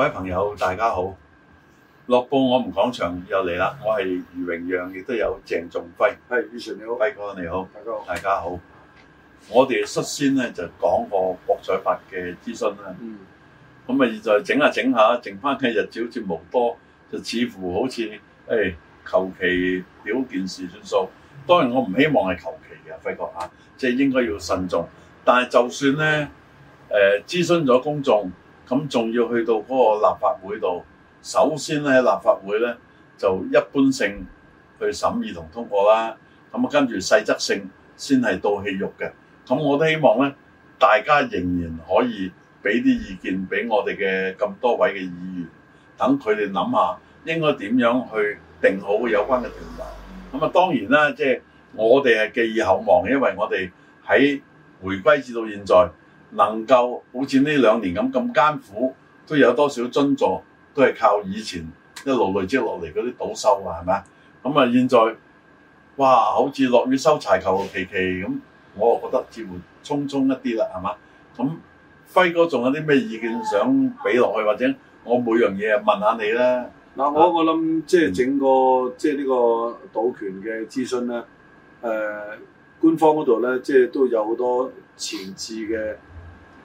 各位朋友，大家好！樂報我們講場又嚟啦，我係余榮陽，亦都有鄭仲輝。係余 Sir 你好，輝哥你好，輝哥好，大家好。我哋率先咧就講個博彩法嘅諮詢啦。嗯。咁啊，現在整下整下，剩翻嘅日子冇多，就似乎好似誒求其表件事算數。當然我唔希望係求其嘅，輝哥啊，即係應該要慎重。但係就算咧誒諮詢咗公眾。咁仲要去到嗰個立法會度，首先咧立法會咧就一般性去審議同通過啦。咁啊跟住細則性先係到戲肉嘅。咁我都希望咧，大家仍然可以俾啲意見俾我哋嘅咁多位嘅議員，等佢哋諗下應該點樣去定好有關嘅條例，咁啊當然啦，即係我哋係寄以厚望，因為我哋喺回歸至到現在。能夠好似呢兩年咁咁艱苦，都有多少捐助，都係靠以前一路累積落嚟嗰啲賭收啊，係嘛？咁啊，現在哇，好似落雨收柴球期期咁，我啊覺得似乎匆匆一啲啦，係嘛？咁輝哥仲有啲咩意見想俾落去，或者我每樣嘢問下你啦。嗱，我，嗯、我我諗即係整個即係呢個賭權嘅諮詢咧，誒、呃、官方嗰度咧，即係都有好多前置嘅。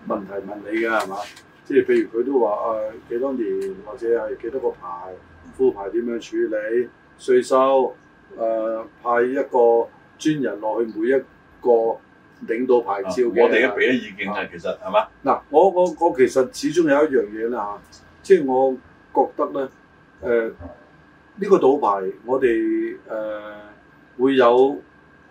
問題問你嘅，係嘛？即係譬如佢都話誒、啊、幾多年或者係幾多個牌副牌點樣處理？稅收誒、啊、派一個專人落去每一個領到牌照，我哋一俾啲意見啫，其實係嘛？嗱，我一一我我，我其實始終有一樣嘢咧嚇，即係我覺得咧誒呢、啊呢個賭牌我，我哋誒會有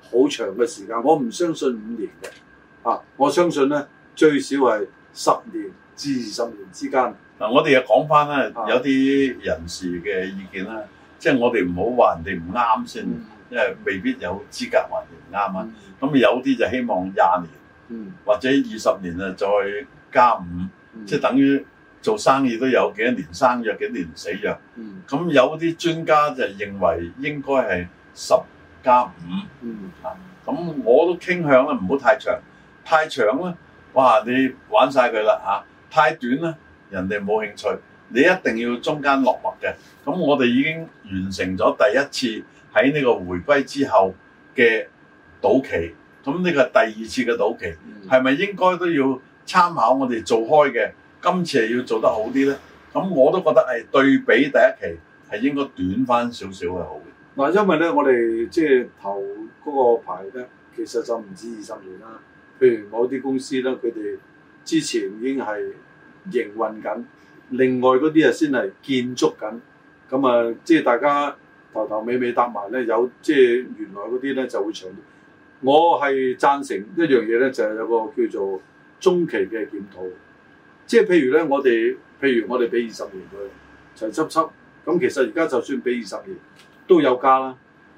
好長嘅時間。我唔相信五年嘅啊，我相信咧。最少係十年至十年之間。嗱，我哋又講翻啦，有啲人士嘅意見啦，即係、嗯、我哋唔好話人哋唔啱先，嗯、因為未必有資格話人唔啱啊。咁、嗯、有啲就希望廿年，嗯、或者二十年啊，再加五，即係、嗯、等於做生意都有幾多年生約幾年死約。咁、嗯、有啲專家就認為應該係十加五啊。咁、嗯嗯嗯、我都傾向啦，唔好太長，太長咧。哇！你玩晒佢啦嚇，太短啦，人哋冇興趣。你一定要中間落墨嘅。咁我哋已經完成咗第一次喺呢個回歸之後嘅賭期，咁呢個第二次嘅賭期係咪、嗯、應該都要參考我哋做開嘅？今次係要做得好啲呢。咁我都覺得係對比第一期係應該短翻少少嘅好嘅。嗱、嗯，因為呢，我哋即係頭嗰個牌呢，其實就唔止二十年啦。譬如某啲公司咧，佢哋之前已經係營運緊，另外嗰啲啊先係建築緊，咁啊，即係大家頭頭尾尾搭埋咧，有即係原來嗰啲咧就會長。我係贊成一樣嘢咧，就係、是、有個叫做中期嘅檢討，即係譬如咧，我哋譬如我哋俾二十年佢齊輯輯，咁其實而家就算俾二十年都有加啦。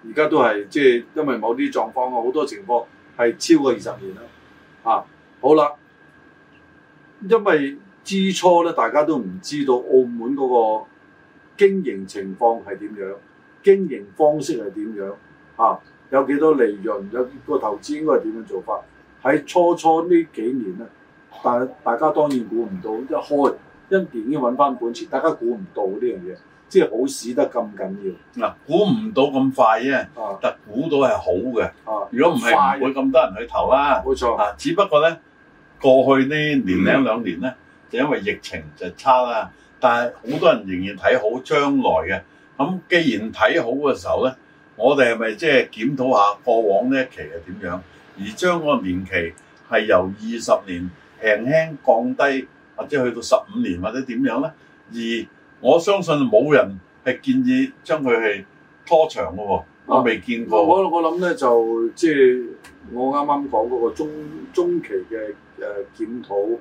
而家都係即係因為某啲狀況啊，好多情況係超過二十年啦。啊，好啦，因為之初咧，大家都唔知道澳門嗰個經營情況係點樣，經營方式係點樣，啊，有幾多利潤，有個投資應該係點樣做法。喺初初呢幾年咧，但係大家當然估唔到一開一年已經揾翻本錢，大家估唔到呢樣嘢。即係好市得咁緊要嗱，估唔、啊、到咁快啫，啊、但估到係好嘅。啊、如果唔係，唔人會咁多人去投啦。冇、啊、錯啊，只不過咧，過去呢年兩兩年咧，嗯、就因為疫情就差啦。但係好多人仍然睇好將來嘅。咁、啊、既然睇好嘅時候咧，我哋係咪即係檢討下過往呢一期係點樣，而將個年期係由二十年輕輕降低，或者去到十五年或者點樣咧，而？我相信冇人係建議將佢係拖長嘅喎，啊、我未見過。我我呢我諗咧就即係我啱啱講嗰個中中期嘅誒檢討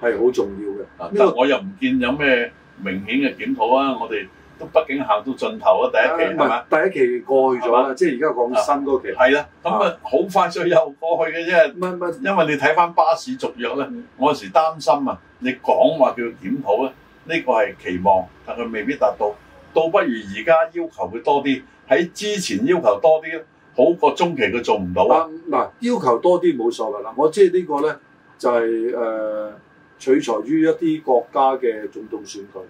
係好重要嘅，因為、嗯嗯、我又唔見有咩明顯嘅檢討啊！我哋都畢竟行到盡頭啊，第一期係咪？啊啊、吧第一期過去咗啦，吧即係而家講新嗰期。係啦、啊，咁、嗯、啊好、嗯嗯、快脆又過去嘅啫。唔係唔係，因為你睇翻巴士續約咧，嗯嗯、我有時擔心啊，你講話叫他叫他檢討咧。呢個係期望，但佢未必達到，倒不如而家要求佢多啲，喺之前要求多啲好過中期佢做唔到啊！嗱，要求多啲冇錯嘅嗱，我即係呢個咧就係、是、誒、呃、取材於一啲國家嘅總統選舉，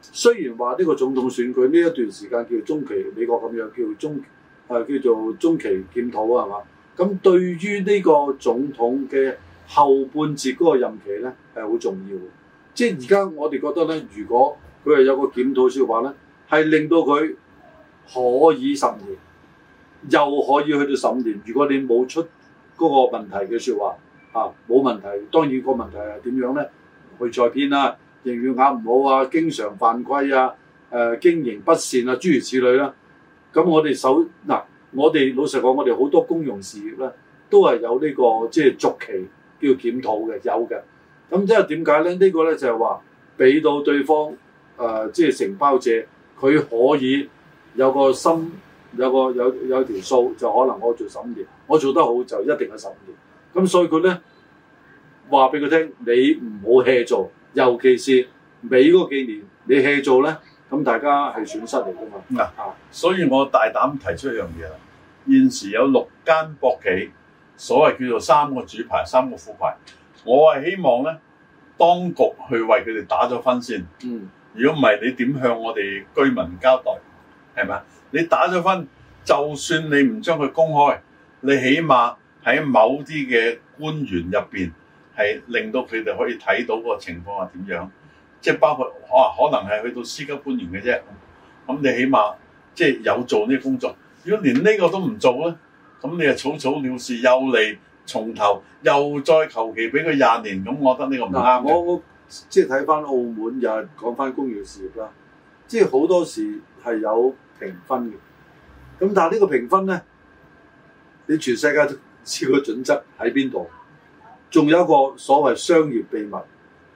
雖然話呢個總統選舉呢一段時間叫中期，美國咁樣叫中誒、呃、叫做中期檢討啊，係嘛？咁對於呢個總統嘅後半節嗰個任期咧，係好重要嘅。即係而家我哋覺得咧，如果佢係有個檢討説話咧，係令到佢可以十年，又可以去到十五年。如果你冇出嗰個問題嘅説話，啊冇問題。當然個問題係點樣咧？去裁編啦，營業額唔好啊，經常犯規啊，誒、啊、經營不善啊，諸如此類啦、啊。咁我哋首嗱，我哋老實講，我哋好多公用事業咧，都係有呢、呢個即係續期叫檢討嘅，有嘅。咁即係點解咧？呢、這個咧就係話俾到對方，誒、呃，即係承包者，佢可以有個心，有個有有條數，就可能我做十五年，我做得好就一定係十五年。咁所以佢咧話俾佢聽，你唔好 hea 做，尤其是尾嗰幾年，你 hea 做咧，咁大家係損失嚟㗎嘛。嗱、啊，所以我大膽提出一樣嘢啦，現時有六間博企，所謂叫做三個主牌，三個副牌。我係希望咧，當局去為佢哋打咗分先。嗯，如果唔係你點向我哋居民交代？係咪？你打咗分，就算你唔將佢公開，你起碼喺某啲嘅官員入邊係令到佢哋可以睇到個情況係點樣？即係包括可、啊、可能係去到司級官員嘅啫。咁你起碼即係有做呢啲工作。如果連呢個都唔做咧，咁你係草草了事又嚟。從頭又再求其俾佢廿年，咁我覺得呢個唔啱啊。我我即係睇翻澳門又係講翻工業事業啦，即係好多時係有評分嘅。咁但係呢個評分咧，你全世界知個準則喺邊度？仲有一個所謂商業秘密，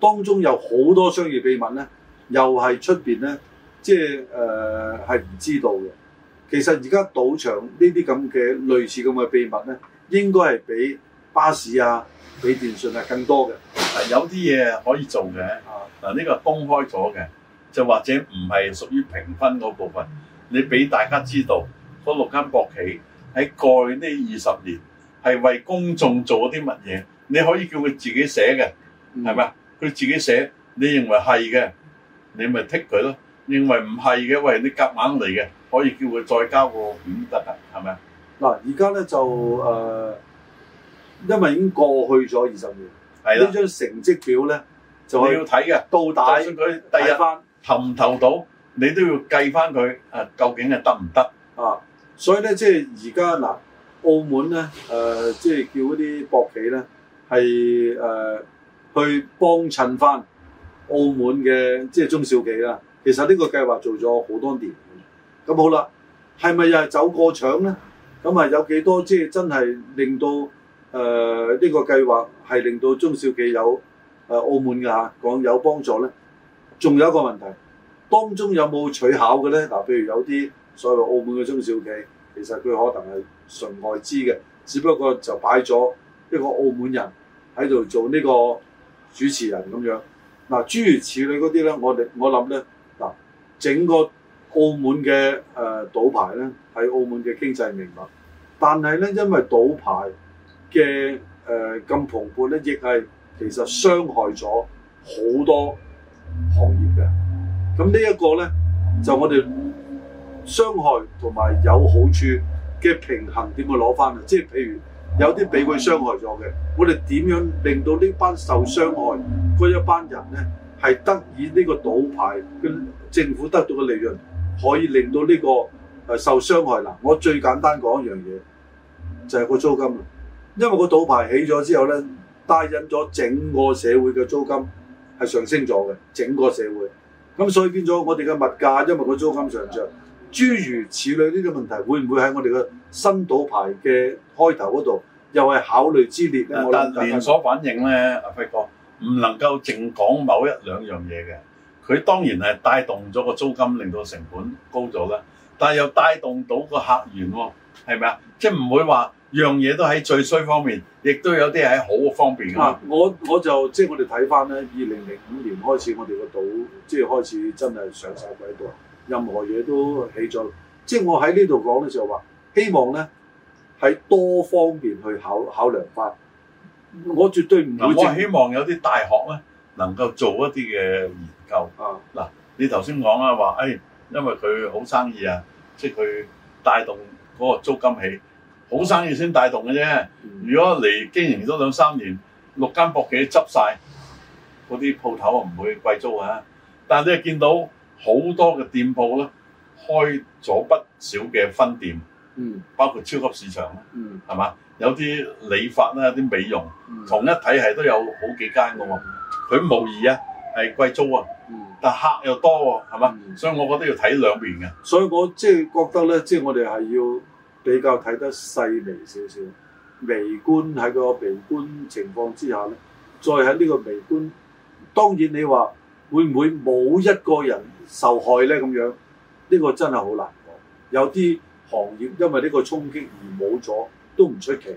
當中有好多商業秘密咧，又係出面咧，即係誒係唔知道嘅。其實而家賭場呢啲咁嘅類似咁嘅秘密咧。應該係比巴士啊、比電訊啊更多嘅，係有啲嘢可以做嘅。嗱，呢個係公開咗嘅，就或者唔係屬於評分嗰部分。你俾大家知道，嗰六間博企喺過去呢二十年係為公眾做咗啲乜嘢？你可以叫佢自己寫嘅，係咪？佢自己寫，你認為係嘅，你咪剔佢咯；認為唔係嘅，喂，你夾硬嚟嘅，可以叫佢再交個表得啦，係咪啊？嗱，而家咧就誒、呃，因為已經過去咗二十年，係啦，呢張成績表咧就你要睇嘅，到底佢第一番投唔投到，你都要計翻佢誒，究竟係得唔得啊？所以咧，即係而家嗱，澳門咧誒、呃，即係叫嗰啲博企咧，係誒、呃、去幫襯翻澳門嘅即係中小企啦。其實呢個計劃做咗好多年，咁好啦，係咪又係走過場咧？咁啊，有幾多即係真係令到誒呢、呃呢個計劃係令到中小企有誒、呃、澳門嘅嚇，講有幫助咧？仲有一個問題，當中有冇取巧嘅咧？嗱、呃，譬如有啲所謂澳門嘅中小企，其實佢可能係純外資嘅，只不過就擺咗一個澳門人喺度做呢個主持人咁樣。嗱、呃，諸如此類嗰啲咧，我哋我諗咧，嗱，整個澳門嘅誒賭牌咧，係澳門嘅經濟命脈。但係咧，因為賭牌嘅誒咁蓬勃咧，亦係其實傷害咗好多行業嘅。咁呢一個咧，就我哋傷害同埋有好處嘅平衡點會攞翻啊！即係譬如有啲俾佢傷害咗嘅，我哋點樣令到呢班受傷害嗰一班人咧，係得以呢個賭牌嘅政府得到嘅利潤，可以令到呢個。誒受傷害嗱，我最簡單講一樣嘢，就係、是、個租金。因為個賭牌起咗之後咧，帶引咗整個社會嘅租金係上升咗嘅，整個社會。咁所以變咗我哋嘅物價，因為個租金上漲，諸如此類呢啲問題，會唔會喺我哋嘅新賭牌嘅開頭嗰度又係考慮之列咧？但係呢連鎖反應咧，阿輝、啊、哥唔能夠淨講某一兩樣嘢嘅，佢當然係帶動咗個租金，令到成本高咗啦。但係又帶動到個客源喎，係咪啊？即係唔會話樣嘢都喺最衰方面，亦都有啲喺好嘅方面啊，我我就即係我哋睇翻咧，二零零五年開始，我哋個島即係開始真係上曬軌道，任何嘢都起咗。即係我喺呢度講嘅時候話，希望咧喺多方面去考考量翻。我絕對唔會、啊，我希望有啲大學咧能夠做一啲嘅研究。啊，嗱、啊，你頭先講啦話，誒。哎因為佢好生意啊，即係佢帶動嗰個租金起，好生意先帶動嘅啫。如果嚟經營咗兩三年，六間博企執晒，嗰啲鋪頭啊唔會貴租啊。但係你見到好多嘅店鋪咧，開咗不少嘅分店，嗯，包括超級市場，嗯，係嘛，有啲理髮啦、有啲美容，同一體系都有好幾間嘅喎，佢無疑啊係貴租啊！但客又多喎，係嘛？嗯、所以我覺得要睇兩邊嘅。所以我即係覺得咧，即係我哋係要比較睇得細微少少，微觀喺個微觀情況之下咧，再喺呢個微觀，當然你話會唔會冇一個人受害咧？咁樣呢個真係好難講。有啲行業因為呢個衝擊而冇咗，都唔出奇，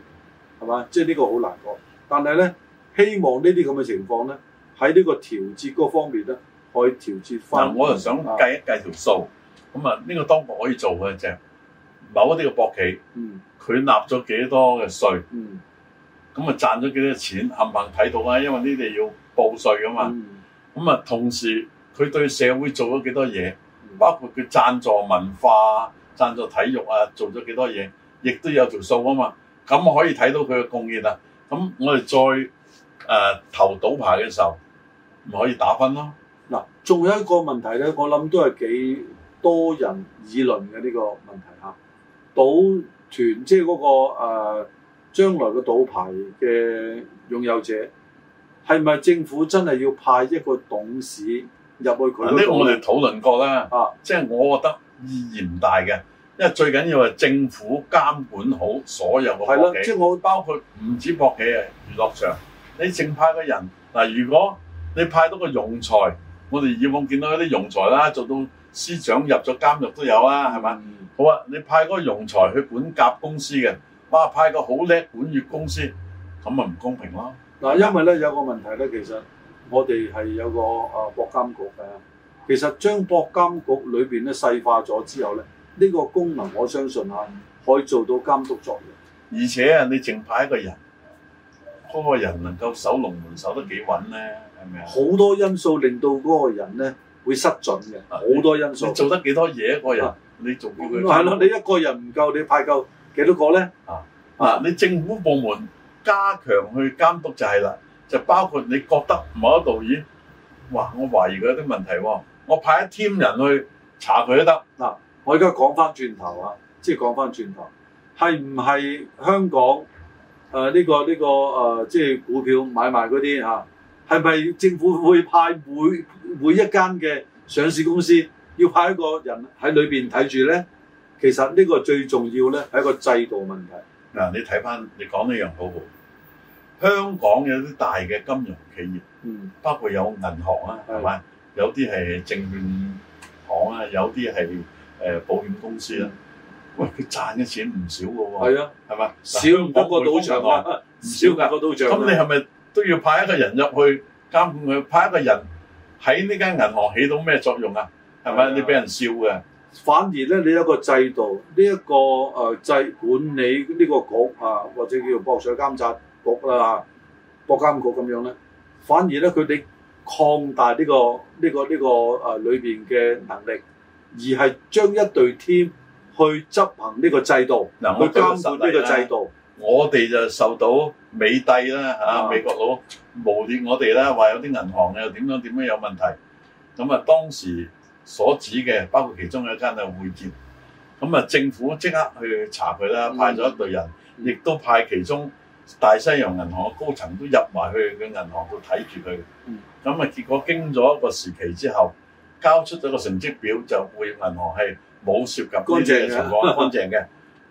係嘛？即係呢個好難講。但係咧，希望呢啲咁嘅情況咧，喺呢個調節嗰方面咧。可以調節翻。嗱，我又想計一計條數，咁啊、嗯，呢個當局可以做嘅就係、某一啲嘅博企，佢納咗幾多嘅稅，咁啊、嗯、賺咗幾多錢，冚唪唥睇到啊？因為呢啲要報稅噶嘛。咁啊、嗯，同時佢對社會做咗幾多嘢，嗯、包括佢贊助文化、贊助體育啊，做咗幾多嘢，亦都有條數啊嘛。咁可以睇到佢嘅貢獻啦。咁我哋再誒、呃、投賭牌嘅時候，咪可以打分咯。仲有一個問題咧，我諗都係幾多人議論嘅呢、這個問題嚇。賭團即係嗰、那個誒、啊、將來嘅賭牌嘅擁有者係咪政府真係要派一個董事入去佢嗰度？嗱，我哋討論過啦，即係、啊、我覺得意義唔大嘅，因為最緊要係政府監管好所有嘅博企，即係、就是、我包括唔止博企嘅娛樂場。你淨派個人嗱、啊，如果你派到個庸才。我哋以往見到嗰啲庸才啦，做到司長入咗監獄都有啊，係咪？好啊，你派嗰個庸才去管甲公司嘅，哇！派個好叻管乙公司，咁咪唔公平咯？嗱，因為咧有個問題咧，其實我哋係有個啊博監局嘅、啊，其實將博監局裏邊咧細化咗之後咧，呢、呢個功能我相信啊可以做到監督作用，而且啊你淨派一個人，嗰個人能夠守龍門守得幾穩咧？好多因素令到嗰個人咧會失準嘅，好、啊、多因素你做得幾多嘢一個人，啊、你仲要佢係咯？你一個人唔夠，你派夠幾多個咧？啊啊！你政府部門加強去監督就係啦，就包括你覺得某一導演，哇！我懷疑佢有啲問題喎，我派一 team 人去查佢都得。嗱、啊，我而家講翻轉頭啊、就是呃這個呃這個呃，即係講翻轉頭，係唔係香港誒呢個呢個誒即係股票買賣嗰啲啊？係咪政府會派每每一間嘅上市公司要派一個人喺裏邊睇住咧？其實呢個最重要咧係一個制度問題。嗱、啊，你睇翻你講呢樣好好，香港有啲大嘅金融企業，嗯，包括有銀行啊，係咪、嗯？有啲係證券行啊，有啲係誒保險公司啊。喂、哎，佢賺嘅錢唔少㗎喎。係啊，係咪、啊？少唔得個賭場啊，唔少㗎個賭場、啊。咁你係咪？都要派一個人入去監管。佢，派一個人喺呢間銀行起到咩作用啊？係咪的你俾人笑嘅？反而咧，你、這、一個制度，呢、這、一個誒制管理呢個局啊，或者叫做博彩監察局啊、博監局咁樣咧，反而咧佢哋擴大呢、這個呢、這個呢、這個誒裏邊嘅能力，而係將一隊 team 去執行呢個制度，嗯、去監管呢個制度。嗯嗯我哋就受到美帝啦，嚇、啊、美國佬無端我哋啦，話、嗯、有啲銀行又點樣點樣有問題。咁啊當時所指嘅，包括其中一間啊匯業。咁啊政府即刻去查佢啦，派咗一隊人，亦、嗯、都派其中大西洋銀行嘅高層都入埋去嘅銀行度睇住佢。咁啊、嗯、結果經咗一個時期之後，交出咗個成績表，就匯業銀行係冇涉及呢啲嘅情況，乾淨嘅。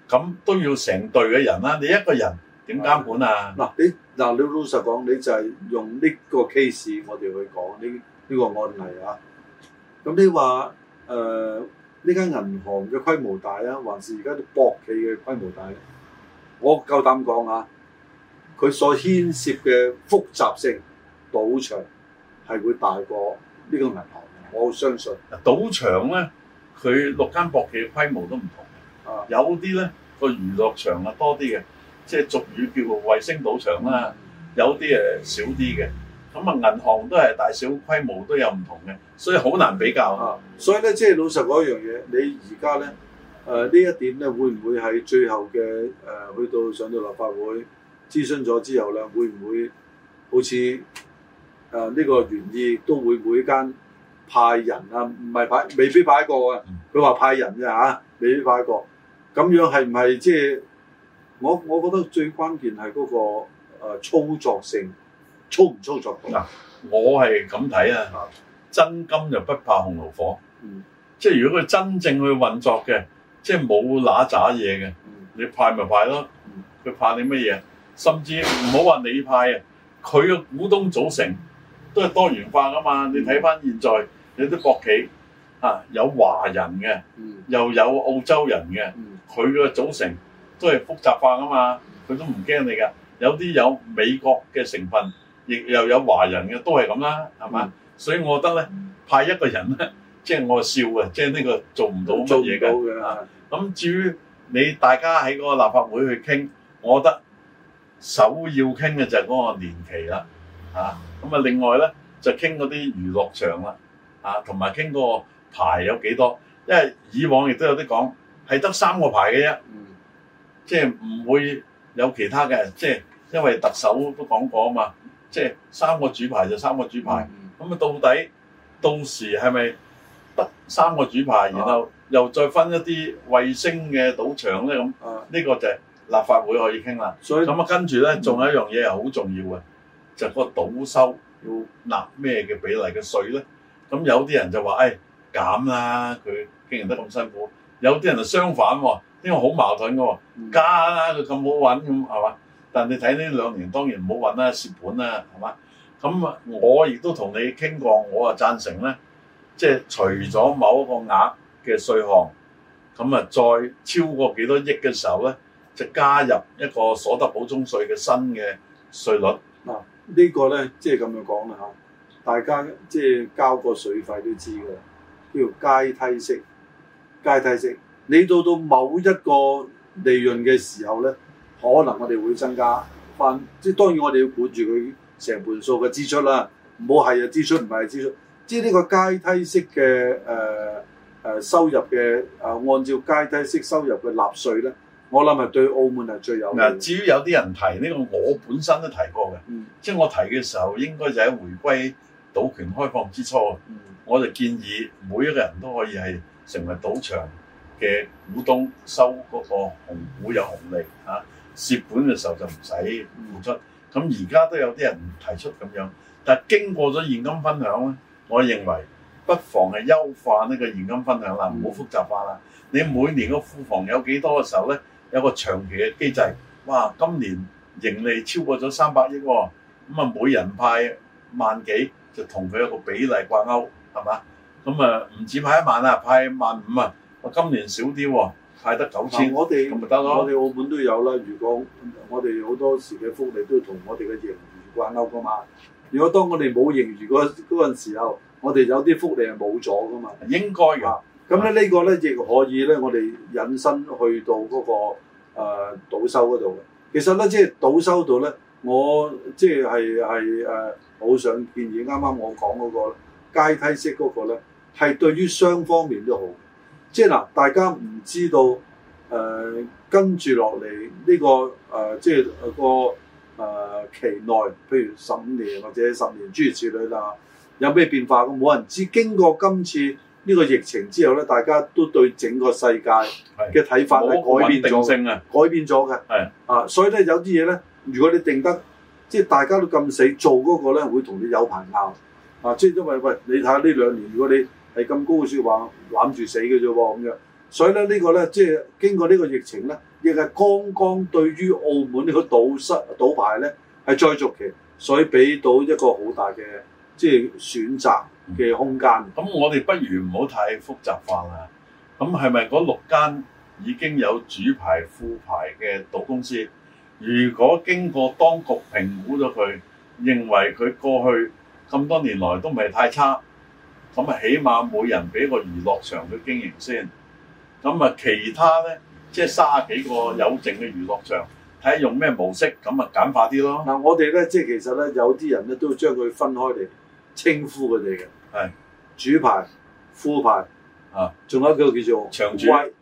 咁都要成隊嘅人啦，你一個人點監管啊？嗱、啊，你嗱、啊、你老實講，你就係用呢個 case 我哋去講呢呢、呢個案例的啊。咁你話誒呢間銀行嘅規模大啊，還是而家啲博企嘅規模大？我夠膽講啊，佢所牽涉嘅複雜性，賭場係會大過呢個銀行，我相信。嗱，賭場咧，佢六間博企嘅規模都唔同。有啲咧，個娛樂場啊多啲嘅，即係俗語叫做衞星賭場啦。有啲誒少啲嘅，咁啊銀行都係大小規模都有唔同嘅，所以好難比較嚇、啊。所以咧，即係老實講一樣嘢，你而家咧誒呢、呃、一點咧會唔會喺最後嘅誒、呃、去到上到立法會諮詢咗之後咧，會唔會好似誒呢個原意都會每一間派人啊，唔係派，未必派過嘅。佢話派人啫嚇、啊，未必派過。咁樣係唔係即係我我覺得最關鍵係嗰、那個、啊、操作性操唔操作到、嗯？嗱，我係咁睇啊！真金就不怕紅爐火，嗯、即係如果佢真正去運作嘅，即係冇嗱渣嘢嘅，嗯、你派咪派咯。佢怕你乜嘢？甚至唔好話你派啊，佢嘅股東組成都係多元化噶嘛。嗯、你睇翻現在有啲國企啊，有華人嘅，又有澳洲人嘅。佢個組成都係複雜化啊嘛，佢都唔驚你㗎。有啲有美國嘅成分，亦又有華人嘅，都係咁啦，係嘛？嗯、所以我覺得咧，派一個人咧，即係我笑嘅，即係呢個做唔到乜嘢㗎。做唔到嘅。咁、嗯、至於你大家喺嗰個立法會去傾，我覺得首要傾嘅就係嗰個年期啦。嚇咁啊、嗯，另外咧就傾嗰啲娛樂場啦。嚇同埋傾嗰個牌有幾多，因為以往亦都有啲講。係得三個牌嘅啫，嗯、即係唔會有其他嘅，即係因為特首都講過啊嘛，即係三個主牌就三個主牌。咁啊、嗯嗯，到底到時係咪得三個主牌，啊、然後又再分一啲衛星嘅賭場咧？咁呢、啊、個就係立法會可以傾啦。咁啊所以，跟住咧，仲、嗯、有一樣嘢係好重要嘅，就係、是、個賭收要納咩嘅比例嘅稅咧。咁有啲人就話：，誒減啦，佢經營得咁辛苦。有啲人就相反喎，因為好矛盾嘅喎。加佢咁好揾咁係嘛？但你睇呢兩年當然唔好揾啦，蝕本啦係嘛？咁我亦都同你傾過，我啊贊成咧，即係除咗某一個額嘅稅項，咁啊再超過幾多億嘅時候咧，就加入一個所得補充稅嘅新嘅稅率。嗱，呢個咧即係咁樣講啦嚇，大家即係交過水費都知嘅，叫做階梯式。階梯式，你到到某一個利潤嘅時候咧，可能我哋會增加翻。即係當然我哋要管住佢成半數嘅支出啦，唔好係啊支出，唔係支，支出。即係呢個階梯式嘅誒誒收入嘅誒、呃，按照階梯式收入嘅納稅咧，我諗係對澳門係最有利。至於有啲人提呢、這個，我本身都提過嘅，嗯、即係我提嘅時候應該就喺回歸賭權開放之初，我就建議每一個人都可以係。成為賭場嘅股東，收嗰個紅股有紅利嚇，蝕、啊、本嘅時候就唔使付出。咁而家都有啲人提出咁樣，但係經過咗現金分享咧，我認為不妨係優化呢個現金分享啦，唔、啊、好複雜化啦。你每年個庫房有幾多嘅時候咧，有個長期嘅機制。哇，今年盈利超過咗三百億，咁、嗯、啊每人派萬幾，就同佢有個比例掛鈎，係嘛？咁啊，唔止派一萬啊，派萬五啊，我今年少啲，派得九千。我哋我哋澳門都有啦。如果我哋好多時嘅福利都同我哋嘅盈餘掛鈎噶嘛。如果當我哋冇盈餘嗰嗰陣時候，我哋有啲福利係冇咗噶嘛。應該嘅。咁咧呢個咧亦可以咧，我哋引申去到嗰、嗰個誒、呃、賭收嗰度嘅。其實咧即係賭收度咧，我即係係誒好想建議啱啱我講嗰、嗰個階梯式嗰個咧。係對於雙方面都好，即係嗱，大家唔知道誒、呃、跟住落嚟呢個誒、呃，即係個誒期內，譬如十五年或者十年諸如此類啦，有咩變化嘅冇人知。經過今次呢個疫情之後咧，大家都對整個世界嘅睇法係改變咗嘅，改變咗嘅。係是啊，所以咧有啲嘢咧，如果你定得即係大家都咁死做嗰個咧，會同你有排拗啊！即係因為喂，你睇下呢兩年如果你，如果你係咁高嘅説話攬住死嘅啫喎，咁樣，所以咧呢個咧即係經過呢個疫情咧，亦係剛剛對於澳門呢個賭失賭牌咧係再續期，所以俾到一個好大嘅即係選擇嘅空間。咁、嗯、我哋不如唔好太複雜化啦。咁係咪嗰六間已經有主牌副牌嘅賭公司，如果經過當局評估咗佢，認為佢過去咁多年來都唔係太差？咁啊，起碼每人俾個娛樂場去經營先。咁啊，其他咧，即係卅幾個有剩嘅娛樂場，睇下用咩模式，咁啊簡化啲咯。嗱、嗯，我哋咧，即係其實咧，有啲人咧都將佢分開嚟稱呼佢哋嘅，係是主牌、副牌啊，仲有一個叫做衛主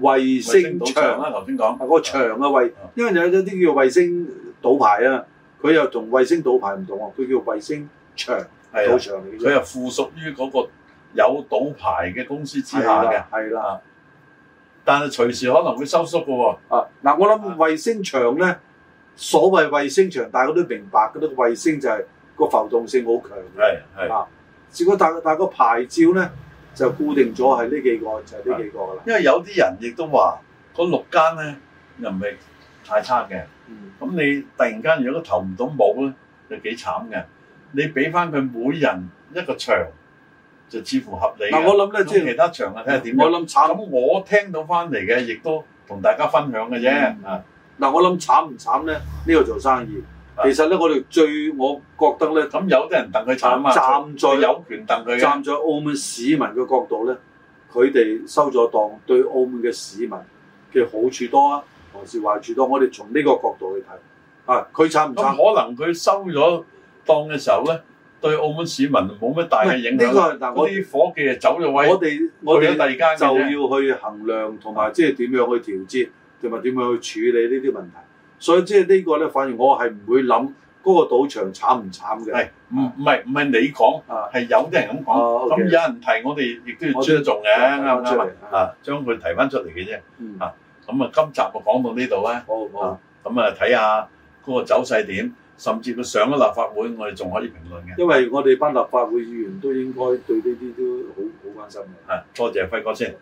衛星，長衛星場啦。頭先講嗰個場嘅衛，因為有有啲叫衛星賭牌啊，佢又同衛星賭牌唔同喎，佢叫衛星場。係賭場，佢又附屬於嗰個有賭牌嘅公司之下嘅，係啦。但係隨時可能會收縮噶喎。啊，嗱，我諗衛星場咧，所謂衛星場，大家都明白嗰啲衛星就係個浮動性好強嘅，係係啊。只不過但但個牌照咧就固定咗係呢幾個，的就係呢幾個噶啦。因為有啲人亦都話嗰六間咧又唔係太差嘅。咁、嗯、你突然間如果投唔到帽咧，就幾慘嘅。你俾翻佢每人一個場，就似乎合理。嗱，我諗咧，即係其他場啊，睇下點樣。我諗慘，咁我聽到翻嚟嘅，亦都同大家分享嘅啫。啊、嗯，嗱，我諗慘唔慘咧？呢個做生意，嗯、其實咧，我哋最我覺得咧，咁有啲人戥佢慘啊，站在有權戥佢嘅，站在澳門市民嘅角度咧，佢哋收咗檔，對澳門嘅市民嘅好處多啊，還是壞處多？我哋從呢個角度去睇啊，佢慘唔慘？可能佢收咗。當嘅時候咧，對澳門市民冇乜大嘅影響。嗰啲夥計啊，走咗位。我哋我哋第二間就要去衡量同埋即係點樣去調節，同埋點樣去處理呢啲問題。所以即係呢個咧，反而我係唔會諗嗰個賭場慘唔慘嘅。係唔唔係唔係你講，係有啲人咁講。咁有人提，我哋亦都要尊重嘅，啱唔啱？啊，將佢提翻出嚟嘅啫。啊，咁啊，今集就講到呢度啦。好好。咁啊，睇下嗰個走勢點。甚至佢上咗立法會，我哋仲可以評論嘅，因為我哋班立法會議員都應該對呢啲都好好關心嘅。係，多謝輝哥先。